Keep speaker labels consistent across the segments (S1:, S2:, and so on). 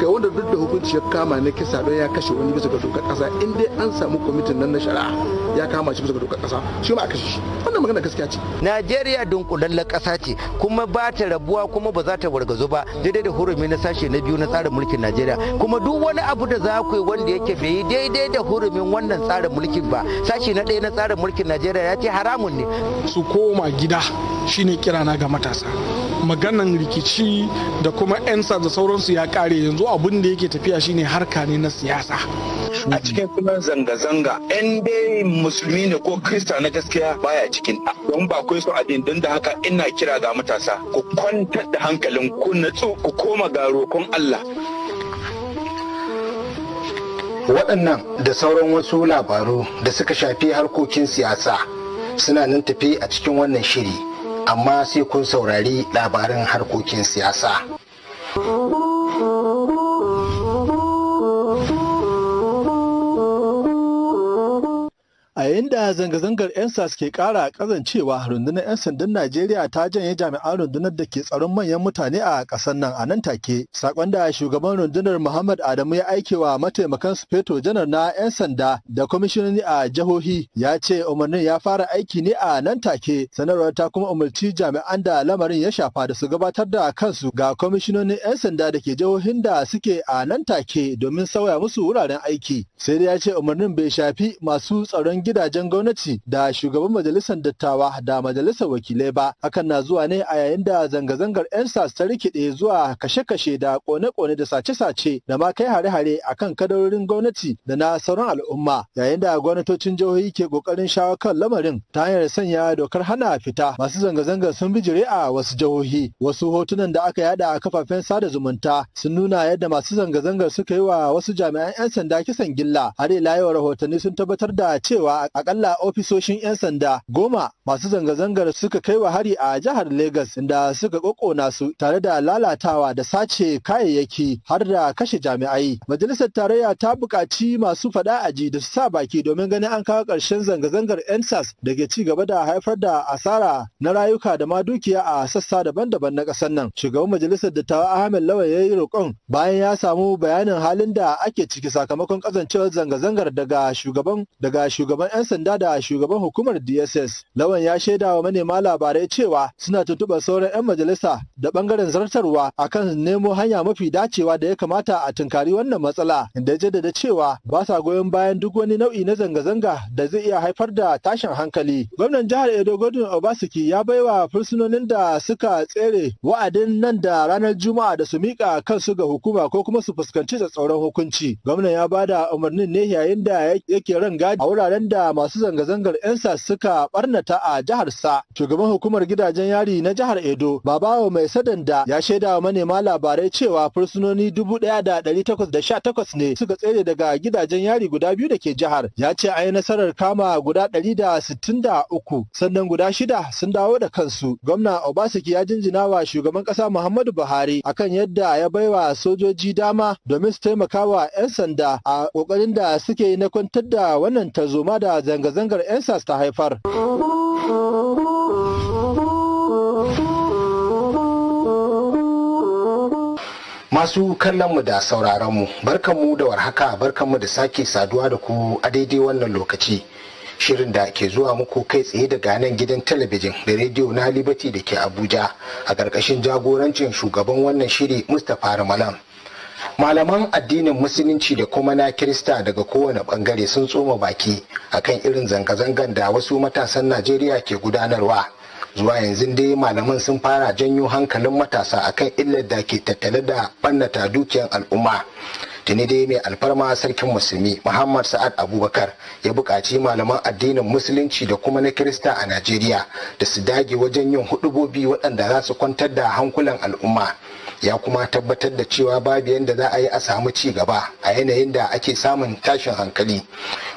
S1: ga wanda duk da hukunci ya kama ne kisa don ya kashe wani bisa ga dokar
S2: kasa in dai an samu kwamitin nan na shari'a ya kama shi bisa ga dokar kasa shi ma a kashe shi wannan magana gaskiya ce Najeriya dunkulallen kasa ce kuma ba ta rabuwa kuma ba za ta wargazo ba daidai da hurumi na sashe na biyu na tsarin mulkin Najeriya kuma duk wani abu da za ku yi wanda yake bai daidai da hurumin
S3: wannan tsarin mulkin ba sashe
S2: na ɗaya na tsarin mulkin Najeriya ya ce haramun ne
S3: su koma gida shine kirana ga matasa maganan rikici da kuma 'yan da sauransu ya kare yanzu abin da yake tafiya shine harka ne na siyasa a
S4: cikin kuma zanga-zanga yan dai musulmi ne ko krista na gaskiya baya cikin ta don ba kai so addini don da haka ina kira ga matasa ku kwantar da hankalin ku natsu ku koma ga roƙon Allah
S1: waɗannan da sauran wasu labaru da suka shafi harkokin siyasa suna nan tafi a cikin wannan shiri amma sai kun saurari labarin harkokin siyasa.
S5: a yayin da zanga-zangar 'yan sas ke kara kazancewa rundunar 'yan sandan najeriya ta janye jami'an rundunar da ke tsaron manyan mutane a ƙasar nan a nan take sakon da shugaban rundunar muhammad adamu ya aike wa mataimakan sufeto janar na 'yan sanda da kwamishinoni a jihohi ya ce umarnin ya fara aiki ne a nan take sanarwar ta kuma umarci jami'an da lamarin ya shafa da su gabatar da kansu ga kwamishinonin 'yan sanda da ke jihohin da suke a nan take domin sauya musu wuraren aiki sai dai ya ce umarnin bai shafi masu tsaron gidajen gwamnati da shugaban majalisar dattawa da majalisar wakilai ba hakan na zuwa ne a yayin da zanga-zangar 'yan sas ta rikide zuwa kashe-kashe da kone-kone da sace-sace da ma kai hare-hare akan kadarorin gwamnati da na sauran al'umma yayin da gwamnatocin jihohi ke kokarin shawo kan lamarin ta hanyar sanya dokar hana fita masu zanga-zangar sun bijire a wasu jihohi wasu hotunan da aka yada a kafafen sada zumunta sun nuna yadda masu zanga-zangar suka yi wa wasu jami'an 'yan sanda kisan gilla har ila yau rahotanni sun tabbatar da cewa A akalla ofisoshin 'yan sanda goma masu zanga-zangar suka kai wa hari a jihar Legas inda suka kokona su tare da lalatawa da sace kayayyaki har da kashe jami'ai. Majalisar tarayya ta buƙaci masu faɗa aji da su sa baki domin ganin an kawo ƙarshen zanga-zangar 'yan sas da ke ci gaba da haifar da asara na rayuka da ma dukiya a sassa daban-daban na ƙasar nan. Shugaban majalisar da ta Ahmed lawal ya yi roƙon bayan ya samu bayanin halin da ake ciki sakamakon kasancewar zanga-zangar daga shugaban daga shugaban shugaban 'yan sanda da shugaban hukumar DSS. Lawan ya shaida wa manema labarai cewa suna tuntuɓar sauran 'yan majalisa da ɓangaren zartarwa akan nemo hanya mafi dacewa da ya kamata a tunkari wannan matsala da jaddada cewa ba sa goyon bayan duk wani nau'i na zanga-zanga da zai iya haifar da tashin hankali. Gwamnan jihar Edo Godwin obasiki ya baiwa fursunonin da suka tsere wa'adin nan da ranar Juma'a da su miƙa kansu ga hukuma ko kuma su fuskanci tsatsauran hukunci. Gwamnan ya ba da umarnin ne yayin da yake ran gadi a wuraren da da masu zanga-zangar 'yan suka barnata a jihar sa shugaban hukumar gidajen yari na jihar edo babawa mai sadanda ya shaida wa manema labarai cewa fursunoni dubu da 1818 ne suka tsere daga gidajen yari guda biyu da ke jihar ya ce an yi nasarar kama guda da da sittin uku!' sannan guda shida sun dawo da kansu gwamna obasaki ya jinjina wa shugaban kasa muhammadu buhari akan yadda ya baiwa sojoji dama domin su taimaka wa 'yan sanda a kokarin da suke yi na kwantar da wannan tarzoma da zanga-zangar ensas ta haifar.
S1: Masu kallonmu da sauraronmu, barkanmu da warhaka, barkanmu da sake saduwa da ku a daidai wannan lokaci. Shirin da ke zuwa muku kai tsaye daga nan gidan talabijin da rediyo na Liberty da ke Abuja a ƙarƙashin jagorancin shugaban wannan shiri Mustapha Ramalan. malaman addinin musulunci da kuma na kirista daga kowane bangare sun tsoma baki akan irin zanga-zangan da wasu matasan najeriya ke gudanarwa zuwa yanzu dai malaman sun fara janyo hankalin matasa akan illar da ke tattale da bannata dukiyar al'umma tuni dai mai alfarma sarkin musulmi muhammad sa'ad abubakar ya buƙaci malaman addinin musulunci da kuma na kirista a najeriya da su dage wajen yin hudubobi waɗanda za su kwantar da hankulan al'umma ya kuma tabbatar da cewa babu yadda za a yi a samu ci gaba a yanayin da ake samun tashin hankali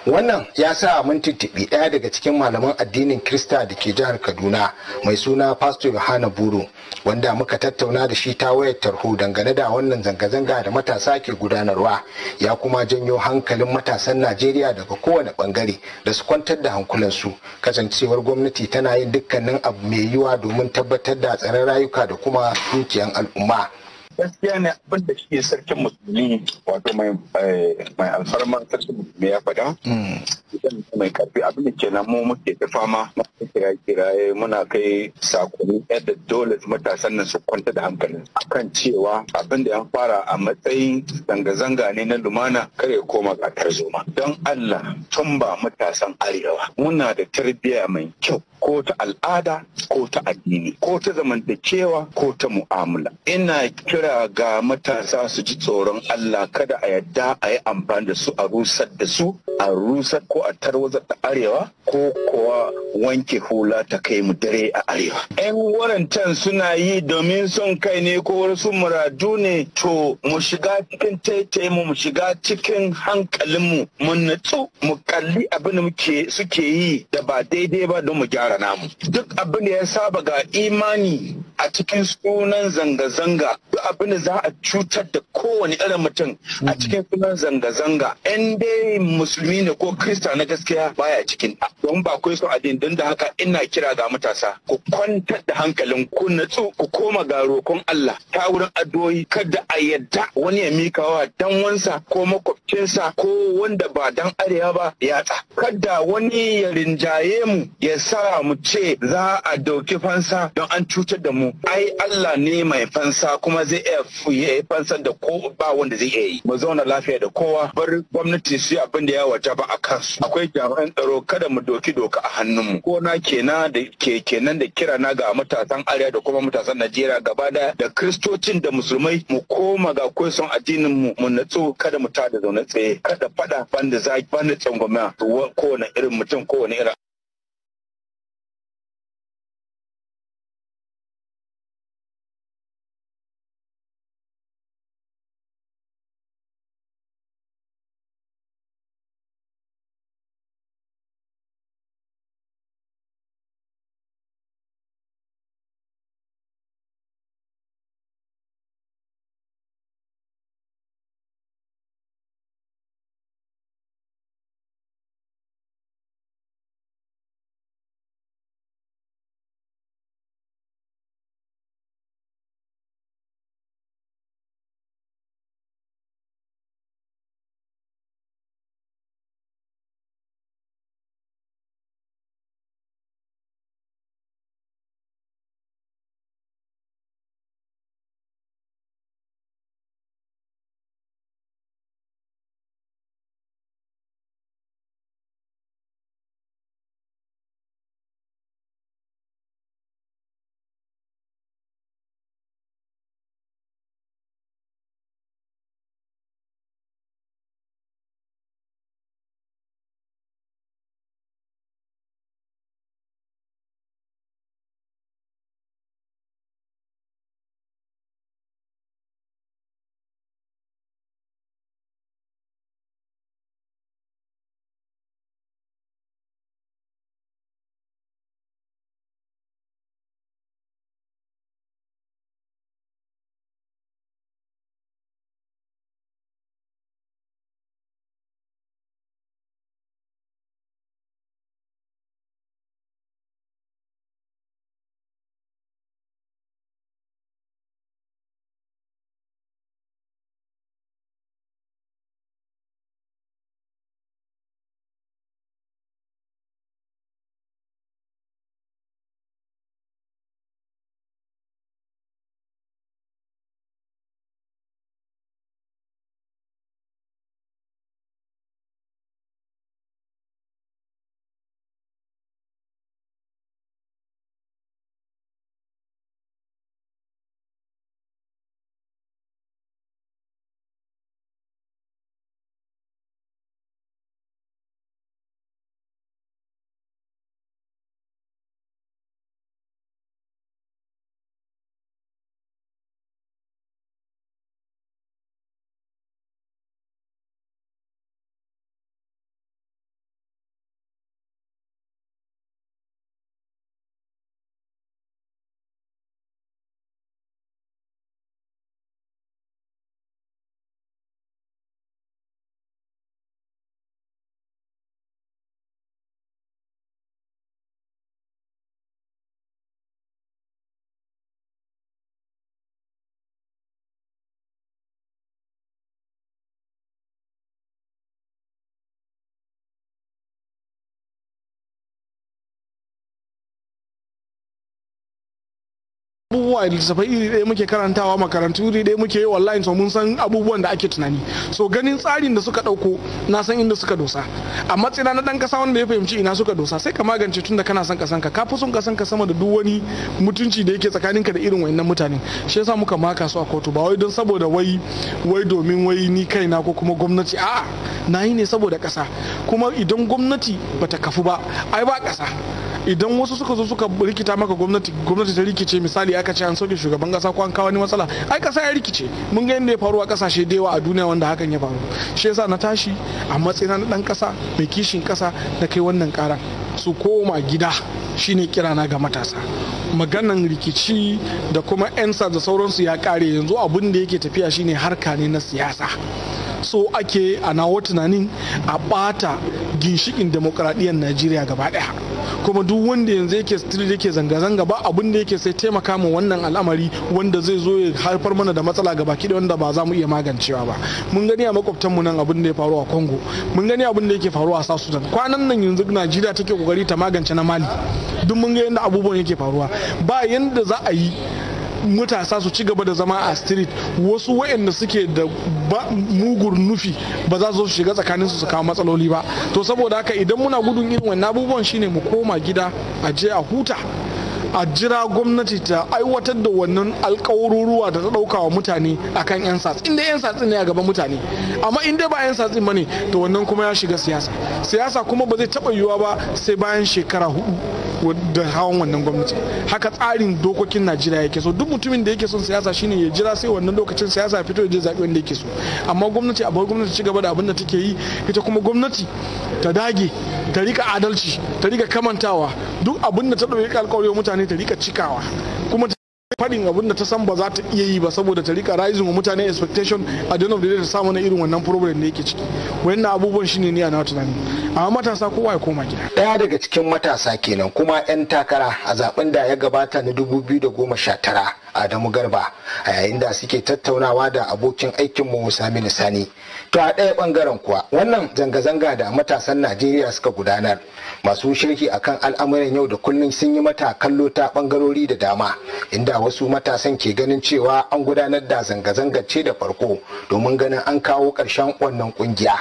S1: wannan ya sa mun tuntuɓi ɗaya daga cikin malaman addinin krista da ke jihar kaduna mai suna pastor yohana buru wanda muka tattauna da shi ta wayar tarho dangane da wannan zanga-zanga da matasa ke gudanarwa ya kuma janyo hankalin matasan najeriya daga kowane bangare da su kwantar da hankulansu kasancewar gwamnati tana yin dukkanin abu mai yiwa domin tabbatar da tsaron rayuka da kuma dukiyan al'umma gaskiya
S4: ne abin da shi sarkin musulmi wato mai eh, alfarma sarkin musulmi ya faɗa mai karfi abin da ke mu muke ta fama masu kira kiraye muna kai sakonni yadda dole matasan nan su kwanta da hankalin kan cewa abin da ya fara a matsayin zanga-zanga ne na lumana kar ya koma ga tarzoma don Allah tun ba matasan arewa muna da tarbiyya mai kyau ko ta al'ada ko ta addini ko ta zamantakewa ko ta mu'amala ina kira ga matasa su ji tsoron Allah kada a yadda a yi amfani da su a rusar da su a rusar ko a tarwazar da arewa ko kuwa wanke hula ta kai mu dare a arewa yan warantan suna yi domin son kai ne ko wasu muradu ne to mu shiga cikin taitaye mu mu shiga cikin hankalinmu mu natsu mu kalli abin da suke yi da ba daidai ba don mu gyara namu duk abin da ya saba ga imani a cikin sunan zanga-zanga duk abin da za a cutar da kowane irin mutum a mm. cikin sunan zanga-zanga in dai musulmi ne ko krista na gaskiya baya cikin don ba kai son addini don da haka ina kira ga matasa ku kwantar da hankalin ku natsu ku koma ga roƙon Allah ta wurin addu'o'i kada a yadda wani ya mika wa dan wansa ko makwabcinsa ko wanda ba dan arewa ba ya ta kada wani ya rinjaye mu ya sa mu ce za a dauki fansa don an cutar da mu mu ai Allah ne mai fansa kuma zai iya fansar da ko ba wanda zai iya yi mu zauna lafiya da kowa bar gwamnati su yi abin da ya wajaba a kansu akwai jami'an tsaro kada mu doki doka a hannunmu ko na kenan da ke kenan da kira na ga matasan arewa da kuma matasan Najeriya gaba da da kristocin da musulmai mu koma ga son addinin mu mu natsu kada mu tada zaune tsaye kada fada banda zaki banda tsangwama wani irin mutum wani irin
S3: abubuwa littattafai iri ɗaya muke karantawa makarantu iri ɗaya muke yi wallahi to mun san abubuwan da ake tunani so ganin tsarin da suka ɗauko na san inda suka dosa a matsina na ɗan ƙasa wanda ya fahimci ina suka dosa sai ka magance tunda kana son ƙasanka ka fi son ƙasanka ka sama da duk wani mutunci da yake tsakanin ka da irin wayannan mutanen shi yasa muka maka su a kotu ba wai don saboda wai wai domin wai ni kaina ko kuma gwamnati a'a na yi ne saboda ƙasa kuma idan gwamnati bata kafu ba ai ba ƙasa idan wasu suka zo suka rikita maka gwamnati gwamnati ta rikice misali aka ce an sauke shugaban kasa ko an kawo wani matsala ai kasa ya rikice mun ga yadda ya faru a kasashe da yawa a duniya wanda hakan ya faru shi yasa na tashi a matsayina na dan kasa mai kishin kasa na kai wannan karan su koma gida shine kirana ga matasa maganan rikici da kuma 'yan da sauransu ya kare yanzu abin da yake tafiya shine harka ne na siyasa so ake a nawo tunanin a bata ginshikin demokradiyyar najeriya gaba ɗaya kuma duk wanda yanzu yake street yake zanga-zanga ba abin da yake sai taimaka mu wannan al'amari wanda zai zo ya haifar mana da matsala gaba ki wanda ba za mu iya magancewa ba mun gani a makwabtan mu nan abin da ya faru a congo mun gani abin da yake faruwa a south kwanan nan yanzu najeriya take kokari ta magance na mali duk mun ga yadda abubuwan yake faruwa ba yanda za a yi matasa su ci gaba da zama a street wasu waɗanda suke da mugur nufi ba za su shiga tsakanin su su kawo matsaloli ba to saboda haka idan muna gudun irin wannan abubuwan shine mu koma gida a je a huta a jira gwamnati ta aiwatar da wannan alkawaruruwa da ta dauka wa mutane akan yan satsi inda yan satsi ne a gaban mutane amma inda ba yan ba bane to wannan kuma ya shiga siyasa siyasa kuma ba zai taba yiwuwa ba sai bayan shekara hudu da hawan wannan gwamnati haka tsarin dokokin najeriya yake so duk mutumin da yake son siyasa shine ya jira sai wannan lokacin siyasa fito ya je zaɓi wanda yake so amma gwamnati a bar gwamnati ci gaba da abin da take yi ita kuma gwamnati ta dage ta rika adalci ta rika kamantawa duk abin da ta ɗauki alkawari mutane mutane ta rika cikawa kuma faɗin abin da ta san ba za ta iya yi ba saboda ta rika rising wa mutane expectation a the end of the day ta samu na irin wannan problem da yake ciki wannan abubuwan shine ne a na tunani amma matasa kowa ya koma gida
S1: daya daga cikin matasa kenan kuma yan takara a zaben da ya gabata na dubu biyu da goma sha tara Adamu Garba a yayin da suke tattaunawa da abokin aikin mu Sami Sani to a ɗaya bangaren kuwa wannan zanga-zanga da matasan Najeriya suka gudanar masu shirki akan al'amuran yau da kullum sun yi mata kallo ta bangarori da dama inda wasu matasan ke ganin cewa an gudanar da zanga zanga ce da farko domin ganin an kawo ƙarshen wannan kungiya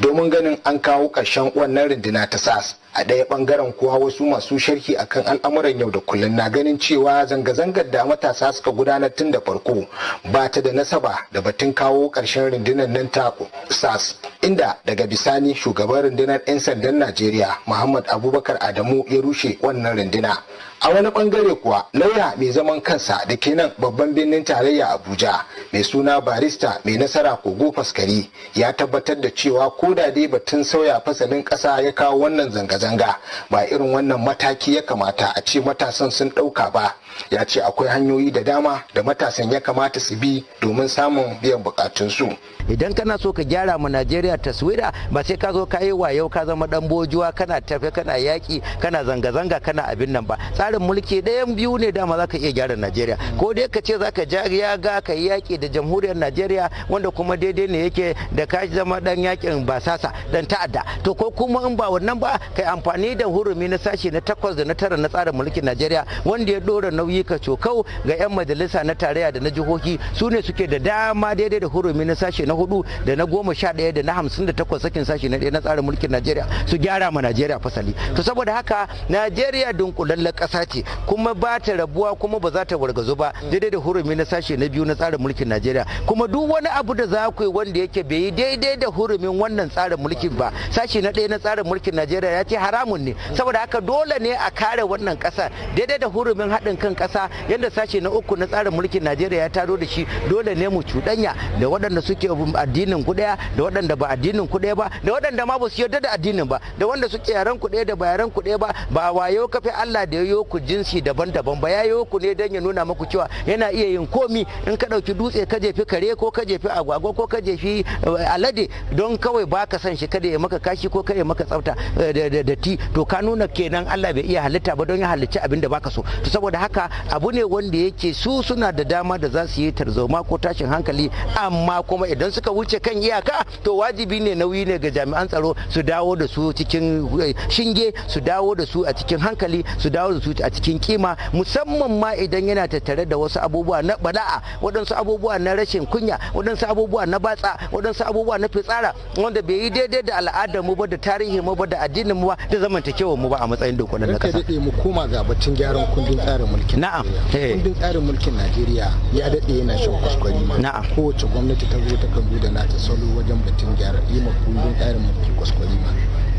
S1: domin ganin an kawo ƙarshen wannan rundina ta sas a ɗaya ɓangaren kuwa wasu masu sharhi akan al'amuran yau da kullum na ganin cewa zanga-zangar da matasa suka gudanar tun da farko ba ta da nasaba da batun kawo ƙarshen rundunar nan ta sas inda daga bisani shugaban rundunar 'yan sandan najeriya muhammad abubakar adamu ya rushe wannan runduna a wani bangare kuwa lauya mai zaman kansa da ke nan babban birnin tarayya abuja mai suna barista mai nasara kogo faskari ya tabbatar da cewa ko da dai batun sauya fasalin ƙasa ya kawo wannan zanga-zanga ba irin wannan mataki ya kamata a ce matasan sun ɗauka ba ya ce akwai hanyoyi da dama da matasan ya kamata su bi domin samun biyan bukatunsu
S2: idan kana so ka gyara mu najeriya taswira ba sai ka zo ka yi wayo ka zama dan bojuwa kana tafe kana yaki kana zanga-zanga kana abin nan ba tsarin mulki ɗayan biyu ne dama za ka iya gyara najeriya ko dai ka ce za ka ja ga ka yi yaki da jamhuriyar najeriya wanda kuma daidai ne yake da ka zama dan yakin basasa dan ta'adda to ko kuma in ba wannan ba kai amfani da hurumi na sashi na takwas da na tara na tsarin mulkin najeriya wanda ya dora nauyi ka cokau ga 'yan majalisa na tarayya da na jihohi su ne suke da dama daidai da hurumi na sashe na hudu da na goma sha ɗaya da na hamsin da takwas sakin sashe na ɗaya na tsarin mulkin najeriya su gyara ma najeriya fasali to saboda haka najeriya dunkulallen ƙasa ce kuma ba ta rabuwa kuma ba za ta wargazo ba daidai da hurumi na sashe na biyu na tsarin mulkin najeriya kuma duk wani abu da za ku yi wanda yake bai yi daidai da hurumin wannan tsarin mulkin ba sashe na ɗaya na tsarin mulkin najeriya ya ce haramun ne saboda haka dole ne a kare wannan ƙasa daidai da hurumin haɗin kan wannan kasa yadda sashe na uku na tsarin mulkin Najeriya ya taro da shi dole ne mu cuɗanya da waɗanda suke addinin ku ɗaya da waɗanda ba addinin ku ba da waɗanda ma ba su yarda da addinin ba da wanda suke yaren ku ɗaya da ba yaren ku ba ba wayo kafe Allah da yayo ku jinsi daban-daban ba yayo ku ne don ya nuna muku cewa yana iya yin komi in ka ɗauki dutse ka jefi kare ko ka jefi agwagwa ko ka jefi eh, alade don kawai ba ka san shi kada ya maka kashi ko kada ya maka tsafta eh, da ti to ka nuna kenan Allah bai iya halitta ba don ya halicci abin da baka so to saboda haka haka abu ne wanda yake su suna da dama da za su yi tarzoma ko tashin hankali amma kuma idan suka wuce kan iyaka to wajibi ne nauyi ne ga jami'an tsaro su dawo da su cikin eh, shinge su dawo da su a cikin hankali su dawo da su a cikin kima musamman ma idan yana tattare da wasu abubuwa na bala'a waɗansu abubuwa na rashin kunya waɗansu abubuwa na batsa waɗansu abubuwa na fitsara wanda bai yi daidai da al'adar mu ba da tarihi mu ba da addinin mu ba da zamantakewar mu ba a matsayin dokunan na kasa.
S1: mu kuma ga batun gyaran kundin tsarin mulki. mulki na'am eh. kundin tsarin mulkin Najeriya ya dade yana shan kuskure ma na'am kowace gwamnati ta zo ta kan da nata salo wajen batun gyara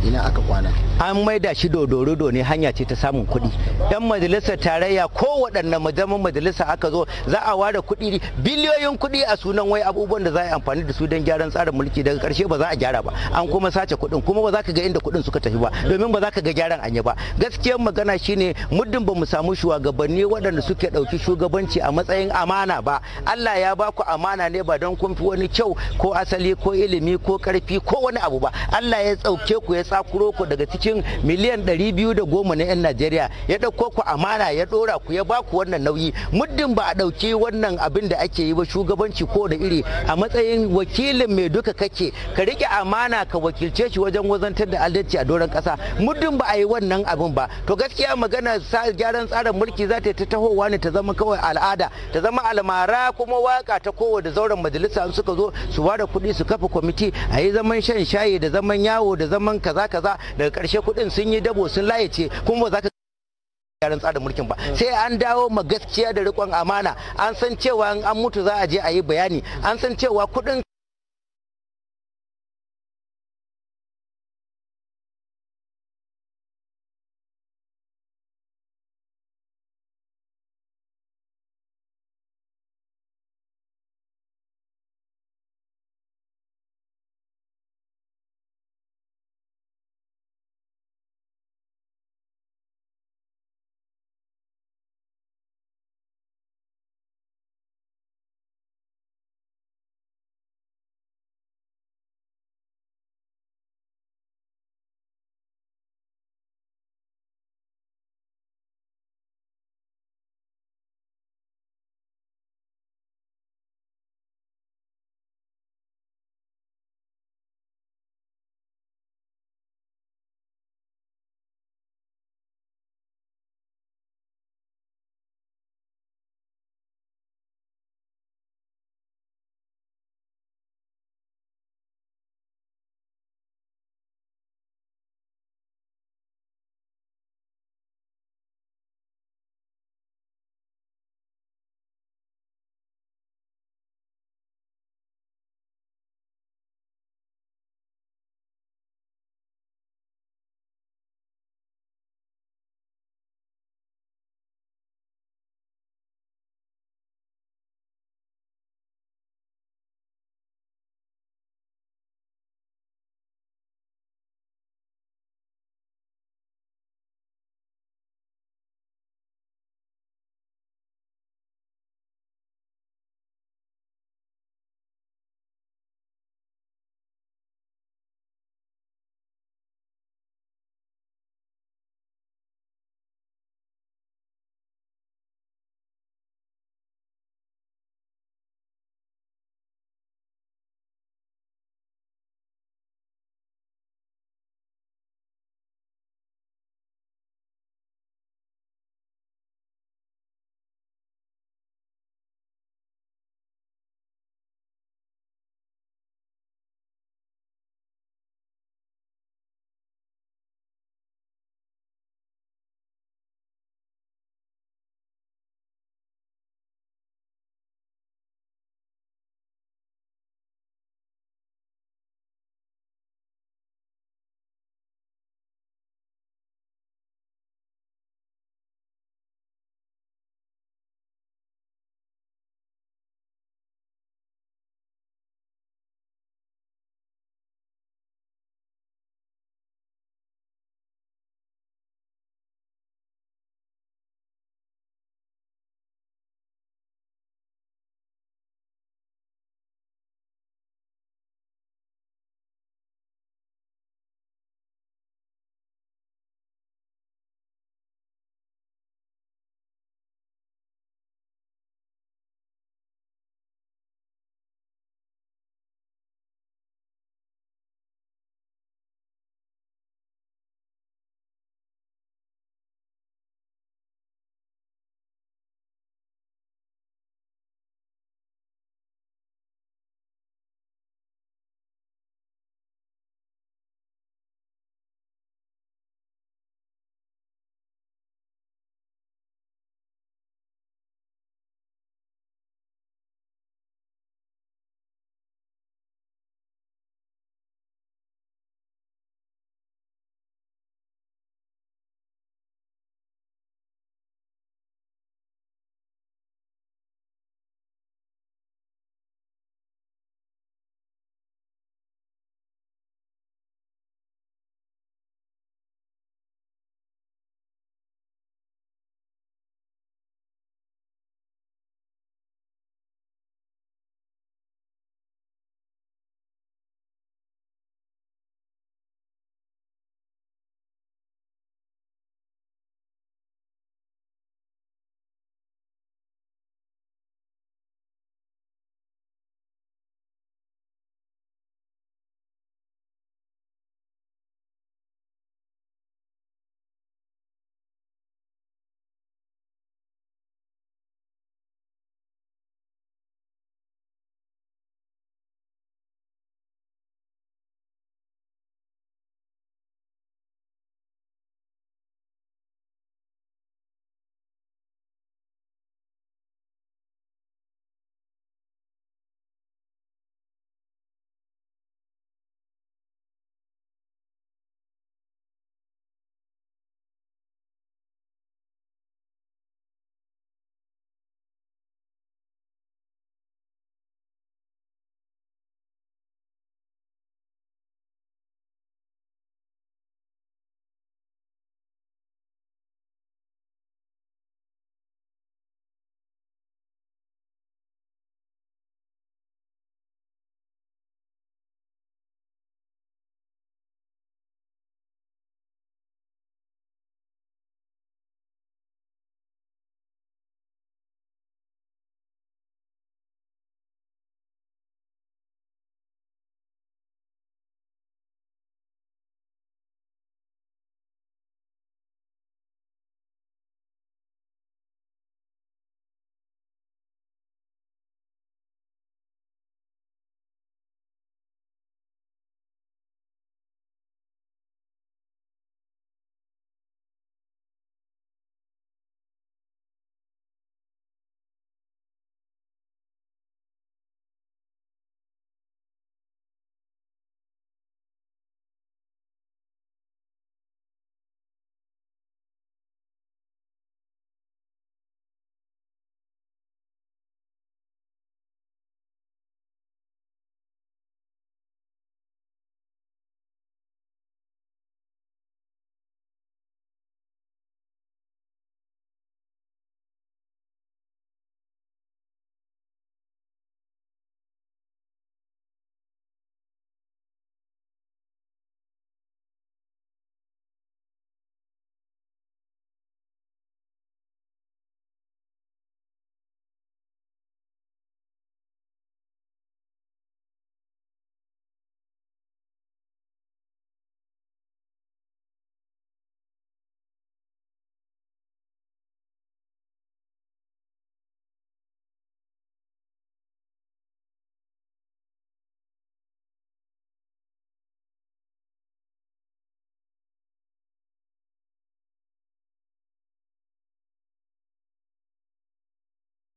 S1: ina aka kwana
S2: an maida shi dodorodo ne hanya ce ta samun kuɗi yan majalisar tarayya ko waɗanne majaman majalisa aka zo za a ware kuɗi biliyoyin kuɗi a sunan wai abubuwan da za a yi amfani da su don gyaran tsarin mulki daga ƙarshe ba za a gyara ba an kuma sace kuɗin kuma ba za ka ga inda kuɗin suka tafi ba domin ba za ka ga gyaran anya ba gaskiyar magana shine muddin ba mu samu shugabanni waɗanda suke ɗauki shugabanci a matsayin amana ba Allah ya ba ku amana ne ba don kun fi wani kyau ko asali ko ilimi ko ƙarfi ko wani abu ba Allah ya tsauke ku ya sa kuroko daga cikin miliyan 210 na 'yan Najeriya ya ɗauko ku amana ya ɗora ku ya baku wannan nauyi muddin ba a ɗauki wannan abin da ake yi ba shugabanci ko da iri a matsayin wakilin mai duka kake ka riƙe amana ka wakilce shi wajen wazantar da adalci a doron ƙasa muddin ba a yi wannan abin ba to gaskiya magana sa gyaran tsarin mulki za ta tahowa ne ta zama kawai al'ada ta zama almara kuma waka ta kowane zauren majalisa suka zo su ware kuɗi su kafa kwamiti a yi zaman shan shayi da zaman yawo da zaman kaza kaza kaza daga karshe kuɗin sun yi dabo sun layace kuma ba za ka yaran tsarin mulkin ba hmm. sai an dawo ma gaskiya da rikon amana an san cewa an mutu za a je a yi bayani an san cewa kuɗin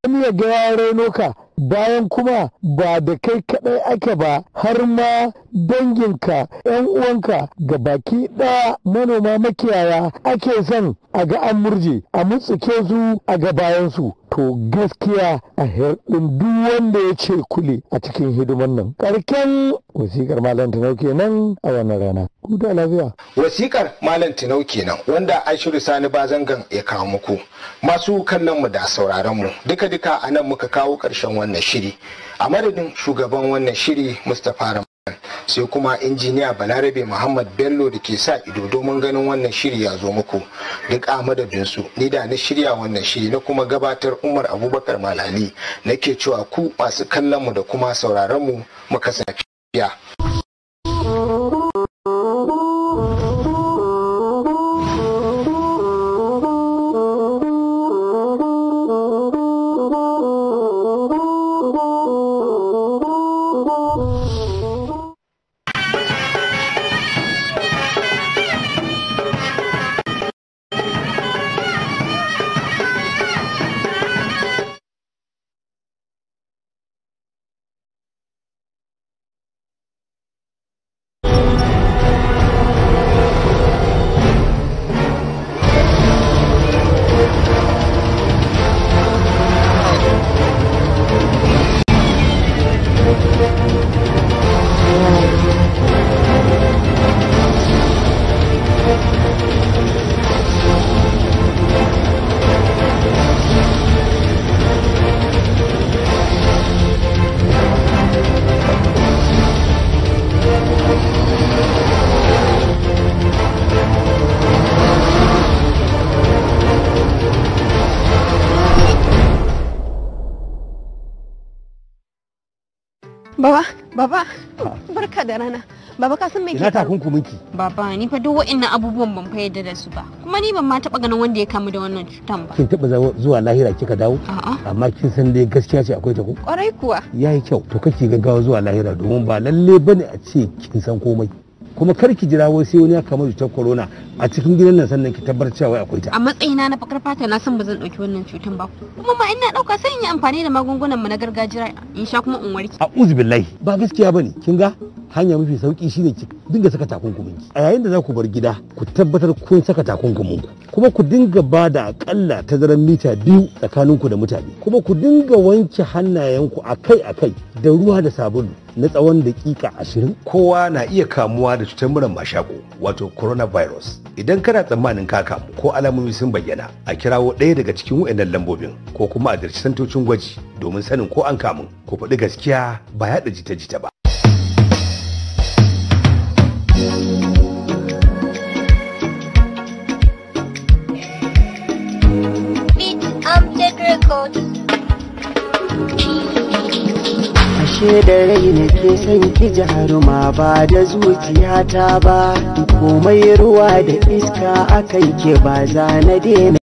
S2: an ya ga ya bayan kuma ba da kai kadai ake ba har ma danginka yan uwanka ga baki
S3: ɗaya manoma makiyaya ake son a ga an murje a mutsike su a ga bayansu to gaskiya a herdin duk wanda ya ce kule a
S2: cikin hidiman nan karken wasikar malam tinau kenan a wannan rana
S4: kuda lafiya
S1: wasikar malam tinau kenan wanda an shirya sani ba bazangan ya kawo muku masu kallon mu da sauraron mu duka duka a nan muka kawo karshen wannan shiri a madadin shugaban wannan shiri mustapha sai kuma injiniya balarabe muhammad bello da ke sa ido domin ganin wannan shiri ya zo muku duk amadadinsu ni da na shirya wannan shiri na kuma gabatar umar abubakar malali nake cewa ku masu kallon mu da kuma sauraron mu muka safiya Baba, barka da rana. Baba ka san me ke Ina takunkumin ki. Baba, ni fa duk wa'annan abubuwan ban fa da su ba. Kuma ni ban ma taba ganin wanda ya kamu da wannan cutan ba. Kin taba zuwa lahira kika dawo? A'a. Amma kin san dai gaskiya ce akwai ta ku? Kwarai kuwa. Yayi kyau. To kake gaggawa zuwa lahira domin ba lalle bane a ce kin san komai. kuma kar ki jira wai sai wani ya kama cutar corona a cikin gidan nan sannan ki tabbar cewa akwai ta a matsayina na fakar fata na san ba zan dauki wannan cutar ba kuma ma ina dauka sai in yi amfani da magungunan mu na gargajiya in sha kuma in warke uz billahi ba gaskiya bane kin ga hanya mafi sauki shine ki dinga saka takunkumin ki a yayin da za ku bar gida ku tabbatar kun saka takunkumin ku kuma ku dinga ba da akalla tazarar mita biyu tsakaninku da mutane kuma ku dinga wanke hannayenku akai-akai da ruwa da sabulu na tsawon daƙiƙa ashirin. Kowa na iya kamuwa da cutar murar mashako wato coronavirus. Idan kana tsammanin ka kamu ko alamomi sun bayyana a kirawo ɗaya daga cikin
S4: wa'annan lambobin ko kuma a santocin gwaji domin sanin ko an kamu ku faɗi gaskiya ba yaɗa jita-jita ba.
S2: Ashe da rai nake son ki jaruma ba da zuciyata ba, komai ruwa da iska akan ke ba za na daina.